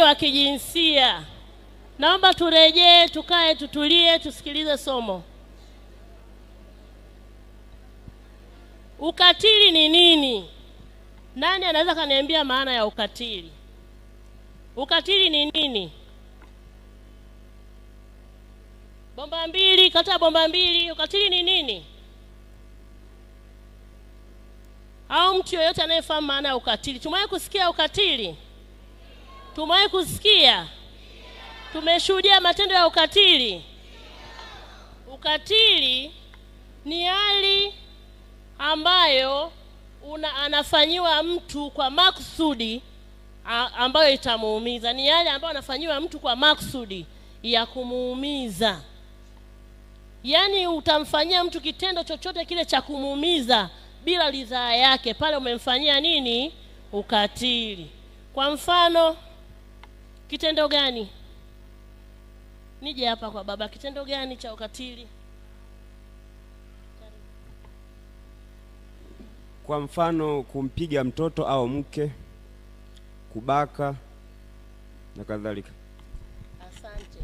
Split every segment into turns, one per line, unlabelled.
ukatili wa kijinsia. Naomba turejee, tukae, tutulie, tusikilize somo. Ukatili ni nini? Nani anaweza kaniambia maana ya ukatili? Ukatili ni nini? Bomba mbili, kata bomba mbili. Ukatili ni nini? Au mtu yoyote anayefahamu maana ya ukatili? Tumewahi kusikia ukatili? Tumewahi kusikia, tumeshuhudia matendo ya ukatili. Ukatili ni hali ambayo una, anafanyiwa mtu kwa makusudi ambayo itamuumiza. Ni yale ambayo anafanyiwa mtu kwa makusudi ya kumuumiza, yaani utamfanyia mtu kitendo chochote kile cha kumuumiza bila ridhaa yake, pale umemfanyia nini? Ukatili. Kwa mfano Kitendo gani? Nije hapa kwa baba, kitendo gani cha ukatili?
Kwa mfano kumpiga mtoto au mke, kubaka na kadhalika.
Asante.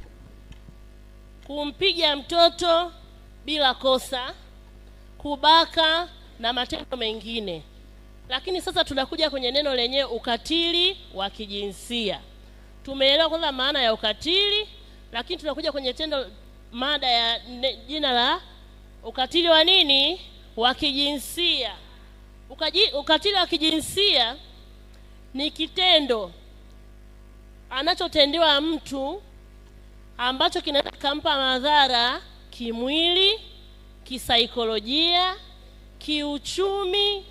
Kumpiga mtoto bila kosa, kubaka na matendo mengine. Lakini sasa tunakuja kwenye neno lenyewe ukatili wa kijinsia tumeelewa kwanza maana ya ukatili, lakini tunakuja kwenye tendo, mada ya ne, jina la ukatili wa nini, wa kijinsia. Ukaji, ukatili wa kijinsia ni kitendo anachotendewa mtu ambacho kinaweza kikampa madhara kimwili, kisaikolojia, kiuchumi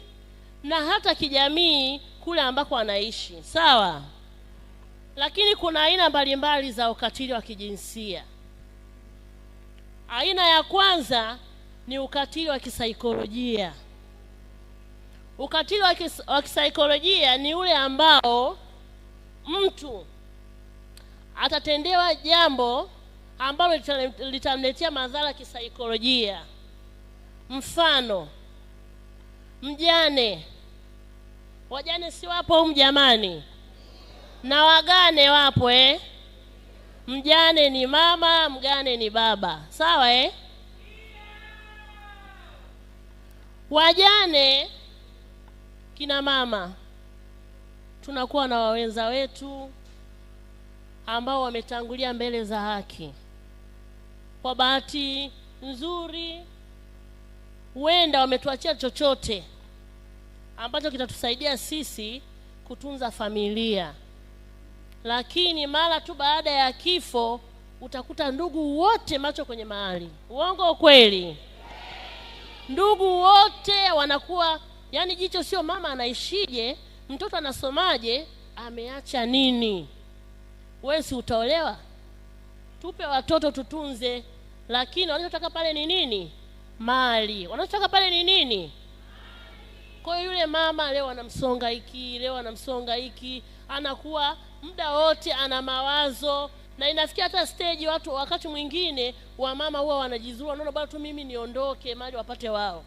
na hata kijamii kule ambako anaishi. Sawa? Lakini kuna aina mbalimbali za ukatili wa kijinsia. Aina ya kwanza ni ukatili wa kisaikolojia. Ukatili wa, kisaikolojia ni ule ambao mtu atatendewa jambo ambalo litamletea madhara kisaikolojia. Mfano, mjane, wajane si wapo humu jamani? na wagane wapo eh? Mjane ni mama, mgane ni baba, sawa eh? Wajane kina mama tunakuwa na wawenza wetu ambao wametangulia mbele za haki. Kwa bahati nzuri, huenda wametuachia chochote ambacho kitatusaidia sisi kutunza familia lakini mara tu baada ya kifo utakuta ndugu wote macho kwenye mahali. Uongo kweli? Ndugu wote wanakuwa yani, jicho sio mama anaishije, mtoto anasomaje, ameacha nini. Wewe si utaolewa? Tupe watoto tutunze, lakini wanachotaka pale ni nini? Mali. Wanachotaka pale ni nini? Kwa hiyo yule mama leo anamsonga hiki, leo anamsonga hiki anakuwa muda wote ana mawazo na inafikia hata stage watu wakati mwingine wamama huwa wanajizua naona bado tu mimi niondoke mali wapate wao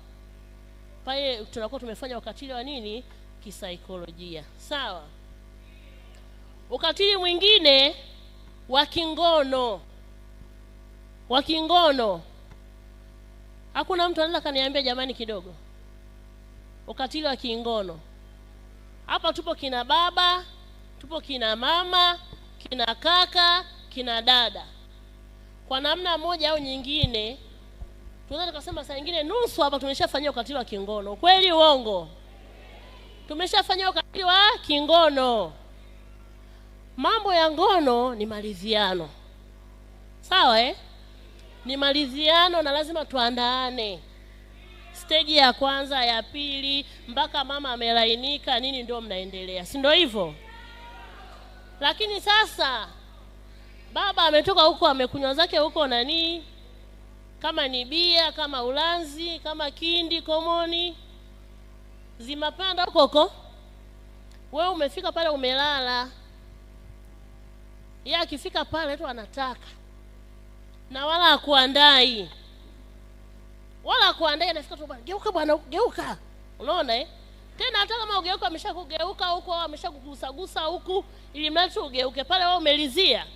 pale tunakuwa tumefanya ukatili wa nini kisaikolojia sawa ukatili mwingine wa kingono wa kingono hakuna mtu anaweza kaniambia jamani kidogo ukatili wa kingono hapa tupo kina baba tupo kina mama, kina kaka, kina dada. Kwa namna moja au nyingine, tunaweza tukasema saa nyingine nusu hapa tumeshafanyia ukatili wa kingono. Kweli uongo? Tumeshafanyia ukatili wa kingono. Mambo ya ngono ni maridhiano, sawa eh? Ni maridhiano na lazima tuandaane steji ya kwanza, ya pili, mpaka mama amelainika nini, ndio mnaendelea, si ndio hivyo? Lakini sasa baba ametoka huko, amekunywa zake huko nanii, kama ni bia, kama ulanzi, kama kindi, komoni, zimapanda huko huko. Wewe umefika pale umelala, yeye akifika pale tu anataka na wala hakuandai wala hakuandai, anafika tu bwana, geuka bwana, geuka. Unaona eh? tena hata kama ugeuka ameshakugeuka huko ameshakugusagusa huku ili mradi ugeuke pale wewe umelizia